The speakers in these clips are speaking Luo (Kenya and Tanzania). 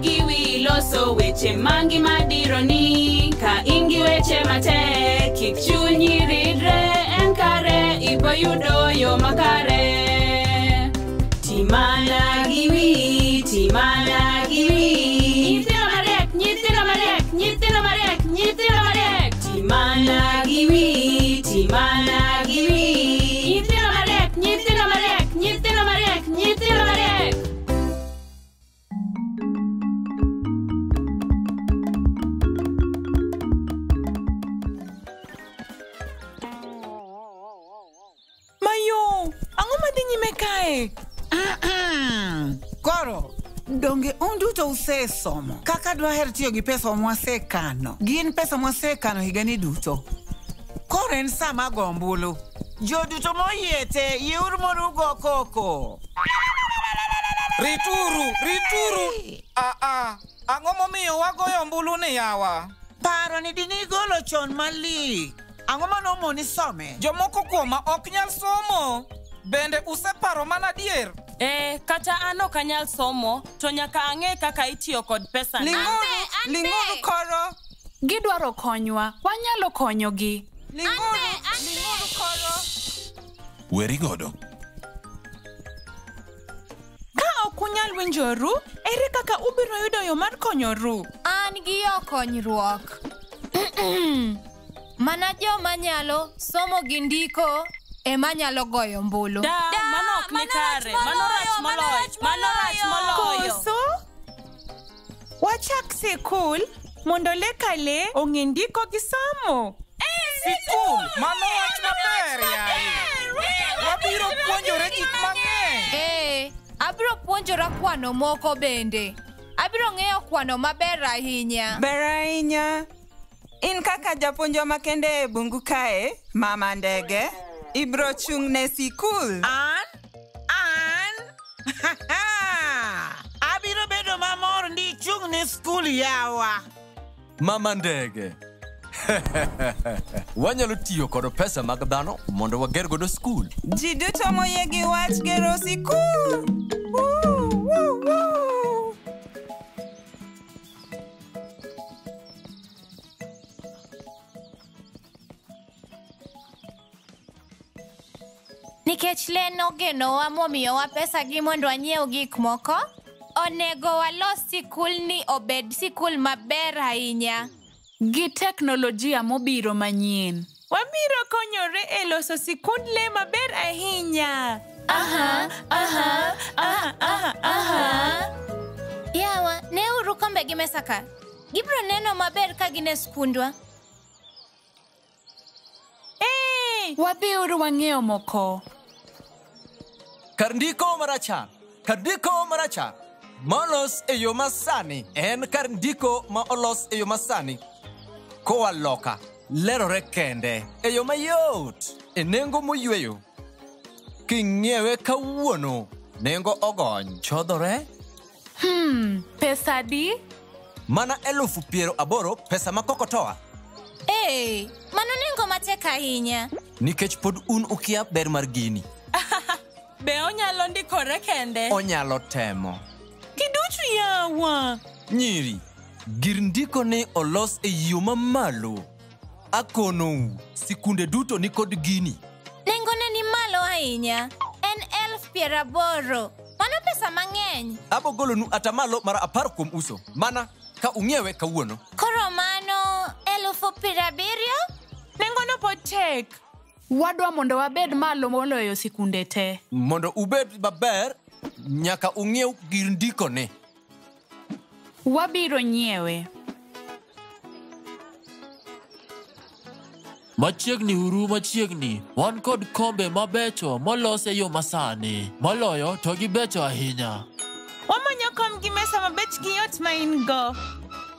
gigiwi loso weche mangi madironi ka ingi weche matek kik chunyi ridre en kare iboyudo yo makare timana giwi timana somo. Kaka dwaher tiyo gi pesa mwasekano. Gin pesa mwasekano higa ni duto. Koro en sa mago ombulu. Joduto moyiete, yeuru moru go koko. Rituru, rituru! Hey. Ah, ah. Ang'o momiyo wagoyo ombulu ni yawa? Paro ni dini golo chon malik. Ang'o mano omoni some? Jomoko kuoma ok nyal somo. Bende useparo mana adier? Eh, kata an ok anyal somo, to nyaka ang'e kaka itiyo kod pesa. Ling'uru, ling'uru koro. Gidwaro konywa, wanyalo konyogi. Ling'uru, ling'uru koro. Weri godo. Ka ok unyal winjoru, ere kaka ubiro yudo yo mar konyoru? An gi yo konyruok. Mana joma nyalo somo gi ndiko ema nyalo goyo mbulu. Da. Da. rach ni kare. Mano rach moloyo. Mano rach moloyo. Kuso, wachak sikul mondo le ka le ong'e ndiko gi somo. Eh, sikul, mano rach maber, yaye. Wabiro puonjore gik mang'eny. Eh, abiro puonjora kwano moko bende. Abiro ng'eyo kwano maber ahinya. Ber ahinya. In kaka japuonjwa makende e bungu kae, Mama Ndege, ibro chung' ne sikul. Ah. skuliyawa. Mamandege. Wanyalo tiyo kod pesa mag dhano mondo wager godo skul. Ji duto moyie gi wach gero sikul. Nikech le nogeno wa momiyo wa pesa gi mondo anyiew gik moko. onego walos sikulni obed sikul maber ahinya. Gi teknolojia mobiro manyien. Wabiro konyore e loso sikund le maber ahinya. Aha, aha, aha, aha, aha. Yawa, ne uru kombe gi mesa ka. Gibro neno maber ka gine skundwa. Eee! Wadhi uru wang'eo moko. Kardiko maracha! Kardiko maracha! Kardiko maracha! molos e yo masani en kar ndiko ma olos e yo masani koa loka lerore kende e yo mayot e nengo moyweyo king'iewe kawuono nengo ogony chodhore hmm, pesa di mana elufu piero aboro pesa ma kokotoa ee hey, mano nengo matek ahinya nikech pod un ukia ber mar gini be onyalo ndikore kende onyalo temo yawa! Nyiri, gir ndiko ni olos e yo mamalo. Akonou, sikunde duto ni kod gini. Nengone ni malo ahinya. En elf pieraboro. Mano pesa mang'eny. Abo golo nu ata malo mara apar kuom uso. Mana, ka ung'iewe kawuono. Koro mano, elufu pirabirio? Nengono po tek. Wadwa mondo wabed malo moloyo sikunde te. Mondo ubed maber, nyaka ung'iew gir ndiko ni. Wabiro nyiewe. Machiegni uru machiegni, wan kod kombe mabecho molos e yo masani. Moloyo to gibecho ahinya. Wamonyo kom gi mesa mabechgi yot ma in go.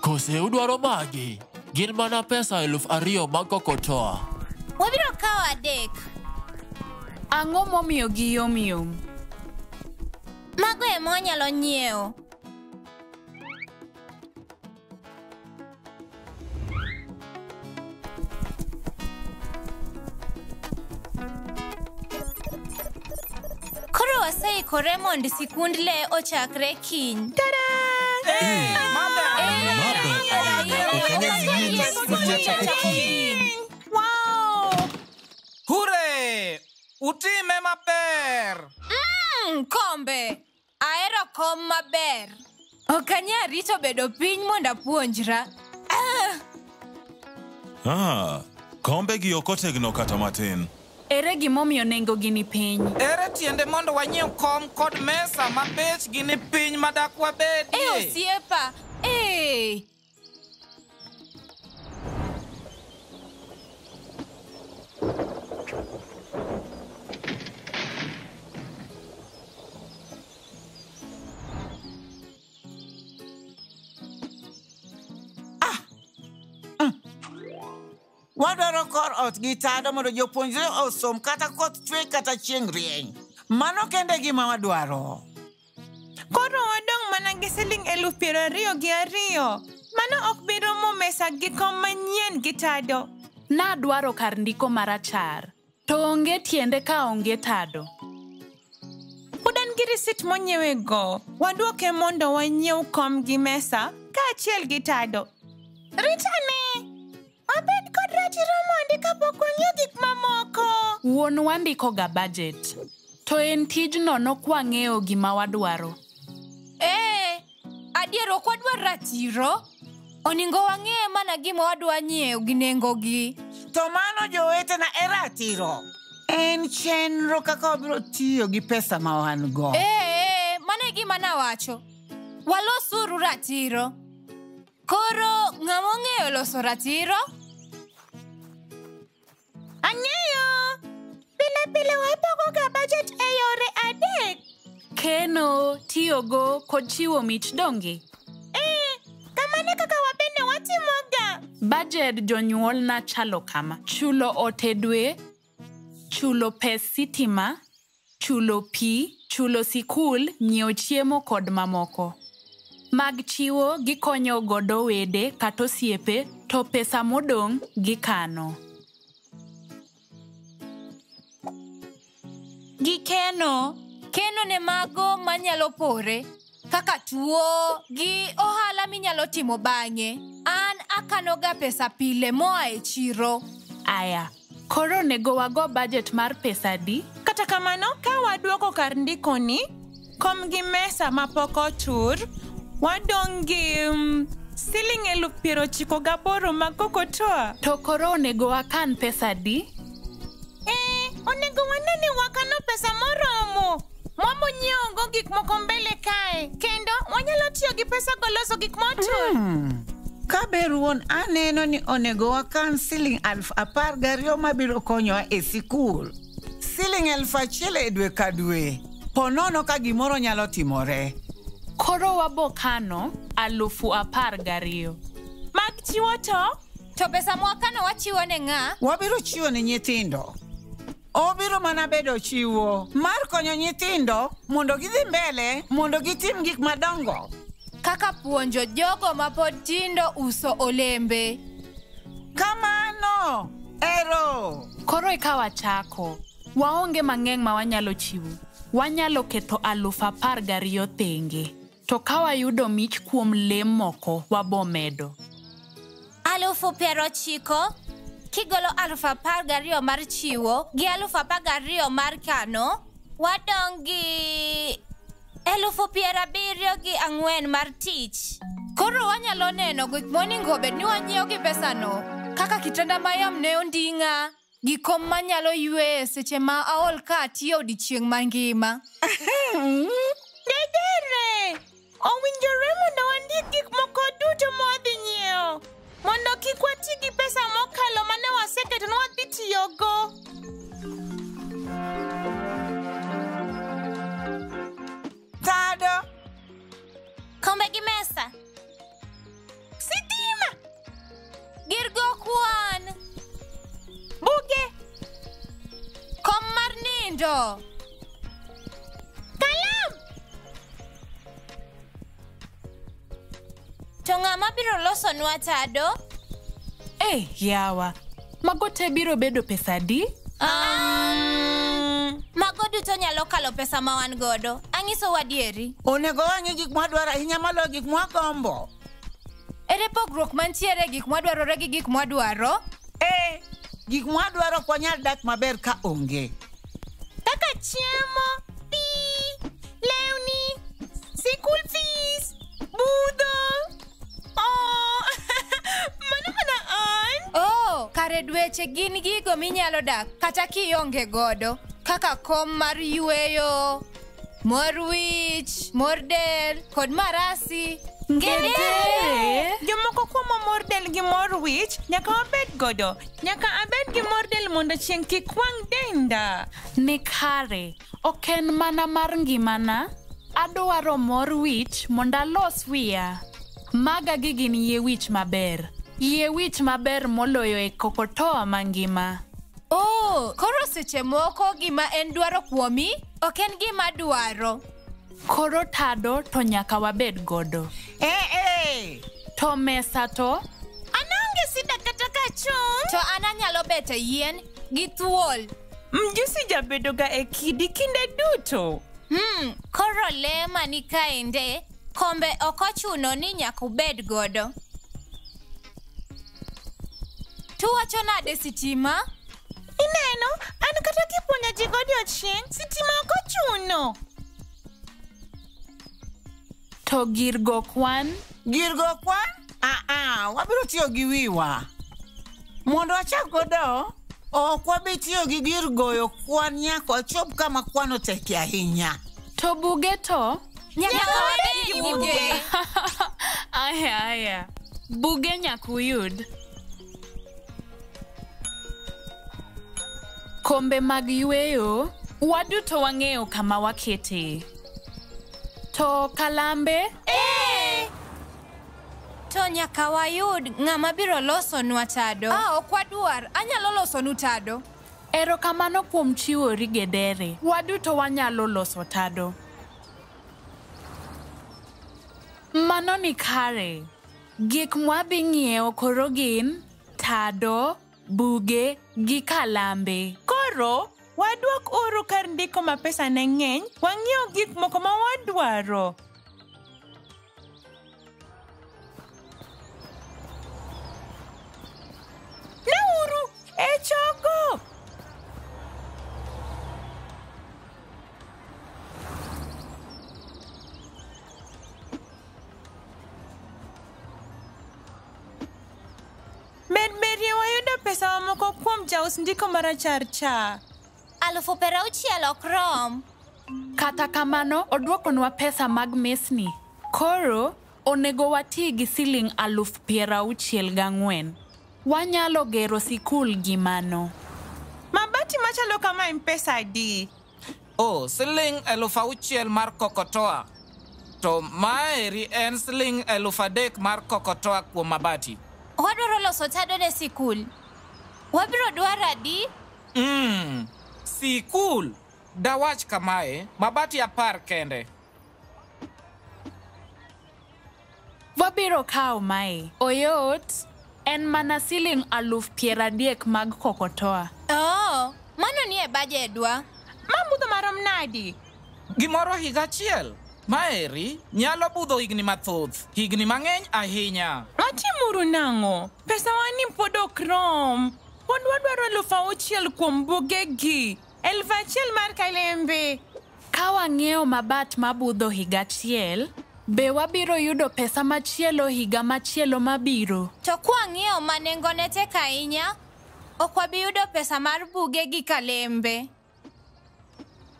Kose udwaro magi? Gin mana pesa eluf ariyo mag kokotoa. Wabiro kawo adek. Ang'o momiyo gi yomyom? Mago emo nyalo nyiewo. waseikore mond sikund le ochakre kiny hure utime maber mm, kombe aero kom maber ok anya rito bedo piny mondo apuonjra ah. ah, kombe gi ok otegno kata matin Ere gimomiyo nengo gini piny? Ere tiende mondo wanyiew kom kod mesa ma bechgi ni piny madak wabedie? E osiepa, adwaro kor ot gi tado mondo jopuonjre osom kata koth chwe kata chieng' rieny. Mano kende gima wadwaro. Koro wadong' mana gi siling elu piero ariyo gi ariyo. Mano ok bi romo mesa gi kom manyien gi tado. Nadwaro kar ndiko marachar, to onge tiende ka onge tado. Pod en gi risit monyiewe go. Wadwoke mondo wanyiew kom gi mesa kaachiel gi tado. Ritane! Abed kod kiromo andi kapok wang'iyo gik mamoko. Wuonwa ndikoga bajet. To en tijno nokwang'eyo gima wadwaro. Ee, eh, adier ok wadwar ratiro. Onego wang'e mana gima wadwa nyiewo gi nengo gi. To mano jowetena e ratiro. En chenro kaka wabiro tiyo gi pesa ma wan go. Ee, eh, mano e gima nawacho. Walosuru ratiro. Koro ng'ama ong'eyo loso ratiro? Ang'eyo! Pile pile wapogo ga bajet e yore adek. Keno, tiyogo, kod chiwo mich donge. Eh, kamane kaka wabene watimo ga. Bajet jonyuol na chalo kama. Chulo ote dwe, chulo pes sitima, chulo pi, chulo sikul, nyiew chiemo kod mamoko. Mag chiwo gikonyo godo wede kata osiepe to pesa modong' gikano. kano. gi keno keno ne mago manyalo pore kaka tuo gi ohala minyalo timo bang'e an akanoga pesa pile moa e chiro aya koro onego wago bajet mar pesa di kata kamano ka wadwoko kar ndiko ni kom gi mesa mapok otur wadong' gi um, siling 98 ma kokotoa to koro onego wakan pesa di Onego wane ni wakano pesa moromo. Mwamu nyiewo go gik moko mbele kae. Kendo wanyalo tiyo gi pesa go loso gik motwe. Mm. Ka ber wuon aneno ni onego wakan siling alf apar gariyo mabiro konyowa e sikul. Siling alf achiel e dwe ka dwe. Ponono ka gimoro nyalo timore. Koro wabo kano alufu apar gariyo. Mag chiwo to? To pesa mwakano wachiwo ne ng'a? Wabiro chiwo ne nyithindo. obiro mana bedo chiwo mar konyo nyithindo mondo gidhi mbele mondo gitim gik madongo. Kaka puonjo jogo mapod tindo uso olembe. Kamano! Ero! Koro eka wachako. Waonge mang'eng ma wanyalo chiwo. Wanyalo ketho aluf apar gariyo thenge. To ka wayudo mich kuom le moko, wabomedo. Alufu piero ochiko kigolo aluf apar gariyo mar chiwo gi aluf apar gariyo mar kano wadong' gi elufu piero abiriyo gi ang'wen mar tich koro wanyalo neno gik monego bed ni wanyiewo gi pesano kaka kitanda mayom ne onding'a gi kom manyalo yweye seche ma aol ka atiyo odiechieng' mangima dedere owinjore mondo wandik gik moko duto mawadhi nyiewo mondo kik wati gi pesa mokalo mane waseketo ni wadhi tiyogo tado kombe gi mesa sitima gir go kwan buge kom mar nindo ng'ama biro losonwa tado? Eh, yawa. Magote biro bedo pesa di? Um, mago duto nyalo kalo pesa ma wan godo. Ang'iso wadieri. Onego wang'i gik mwadwaro ahinya maloyo gik mwagombo. Ere pogruok mantiere gik mwadwarore gi gik mwadwaro? Eh, gik mwadwaro ok wanyal dak maber ka onge. Kaka chiemo. weche gin gigo minyalo dak kata kionge godo kaka kom mar yueyo, mor wich, mor del kod marasi. Ngere! Jomoko kuomo mor del gi mor wich nyaka wabed godo. Nyaka abed gi mor del mondo chieng' kik wang' denda. Nikare, ok en mana mar ngimana. Adwaro mor wich mondo alos wiya. Maga gi gin yie wich maber. yie wich maber moloyo e kokotoa mangima. Oo, oh, koro seche moko gima en dwaro kuomi, ok en gima dwaro. Koro tado to nyaka wabed godo. Ee! Eh, eh. To mesa to? Anaonge sida kata kachung! To ananyalo bete yien gi thuol. Mjusi mm, jabedoga e kidi kinde duto. Hmm, koro lema nikaende, kombe ok ochuno ni nyaka ubed godo. tuwacho nade sitima ineno an kata kipuonjo ji godiochieng' sitima ok ochuno to gir go kwan gir go kwan aa wabiro tiyo gi wiwa mondo achak godo ok wabi tiyo gi gir goyo kwan nyaka ochop kama kwan oteke ahinya to buge to nyaka aya aya buge nyaka uyud kombe mag yueyo, waduto wang'eyo kama wakete. To kalambe? Eee! Eh! To nyaka wayud ng'ama biro losonwa tado. Ah, ok wadwar. Anyalo losonu tado. Ero kamano kuom chiwori gedere. Waduto wanyalo loso tado. Mano ni kare. Gik mwadhi ng'iewo koro gin tado, buge, gi kalambe. Koro, wadwok oro kar ndiko ma pesa ne ng'eny, wang'iew gik moko ma wadwaro. jaus ndiko marachar cha alufu perauchiel ok rom kata kamano odwokonwa pesa mag mesni koro onego wati gi siling aluf pierauchiel gang'wen wanyalo gero sikul gi mano mabati machalo kama en pesa adi o oh, siling aluf auchiel mar kokotoa to maeri en siling aluf adek mar kokotoa kuom mabati wadwaro loso tado ne sikul Wabiro dwar adi? Mm. Si cool. Dawach kamae, mabati apar kende. Wabiro kao mae. Oyot. En mana siling aluf pier adek mag kokotoa. Oh, mano nie baje edwa. Mamudho marom nadi? Gimoro higa achiel. Maeri, nyalo budho higni mathoth. Higni mang'eny ahinya. Watimuru nang'o? Pesa wani pod ok rom. Pondwa dwaro elufu auchiel kuom bugegi. Elufu achiel mar kalembe. Ka wang'iewo mabat mabudho higa achiel, be wabiro yudo pesa machielo higa machielo mabiro? To kwang'iewo ma nengone tek ahinya, ok wabi yudo pesa mar buge gi kalembe.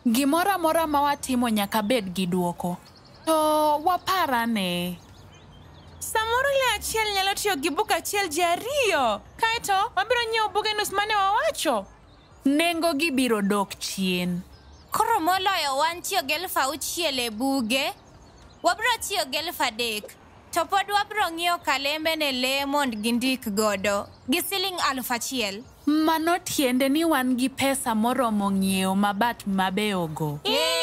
Gimoro amora ma watimo nyaka bed gi duoko. To wapar ane. Samoro le achiel nyalo tiyo gi buk achiel ji ariyo. to wabiro nyiewo buge nus mane wawacho nengo gi biro dok chien koro moloyo wan tiyo gi elfu auchiel e buge wabiro tiyo gi elfu adek to pod wabiro ng'iyo kalembe ne lee mond gindik godo gi siling alufu achiel mano tiende ni wan gi pesa moromo ng'iewo mabat mabeyo go yeah.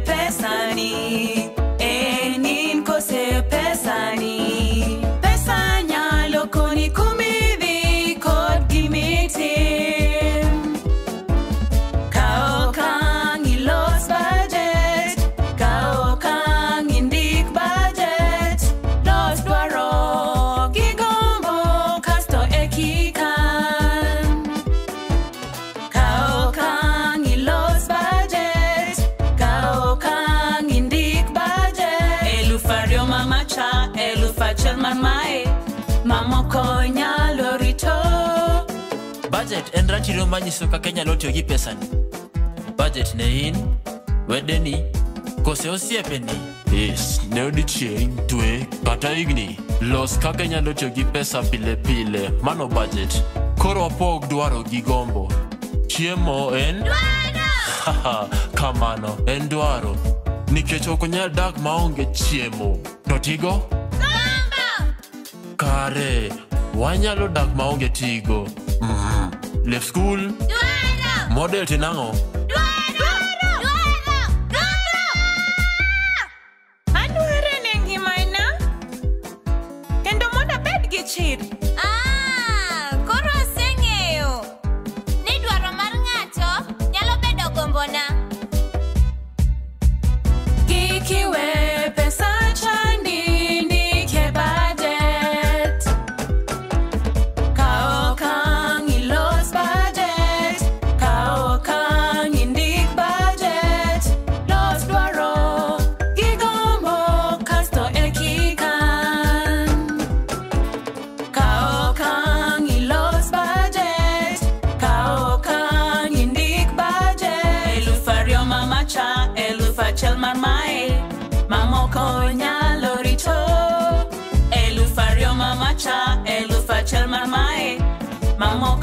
best honey. Budget en ratiro manyiso kaka inyalo tiyo gi pesani. Budget ne in, wedeni, kose osiepeni. Yes, ne odiochieng', dwe, kata higni. Los kaka inyalo tiyo gi pesa pile pile, mano budget. Koro wapog dwaro gi gombo. Chiemo en? Dwaro! kamano, en dwaro. Nikech ok unyal dak maonge chiemo. To tigo? Gombo! Kare, wanyalo dak maonge tigo. Mm-hmm. Left school. Tomorrow. Model tinango.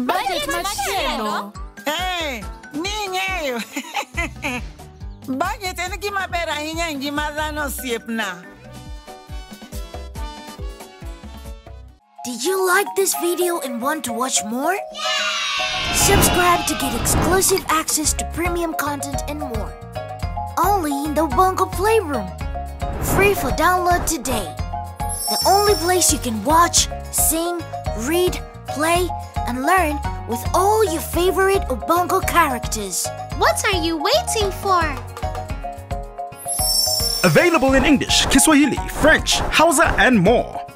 en gima ngima dhano Did you like this video and want to watch more? Yay! Subscribe to get exclusive access to premium content and more. Only in the Bongo Playroom. Free for download today. The only place you can watch, sing, read, play, and learn with all your favorite Ubongo characters. What are you waiting for? Available in English, Kiswahili, French, Hausa and more.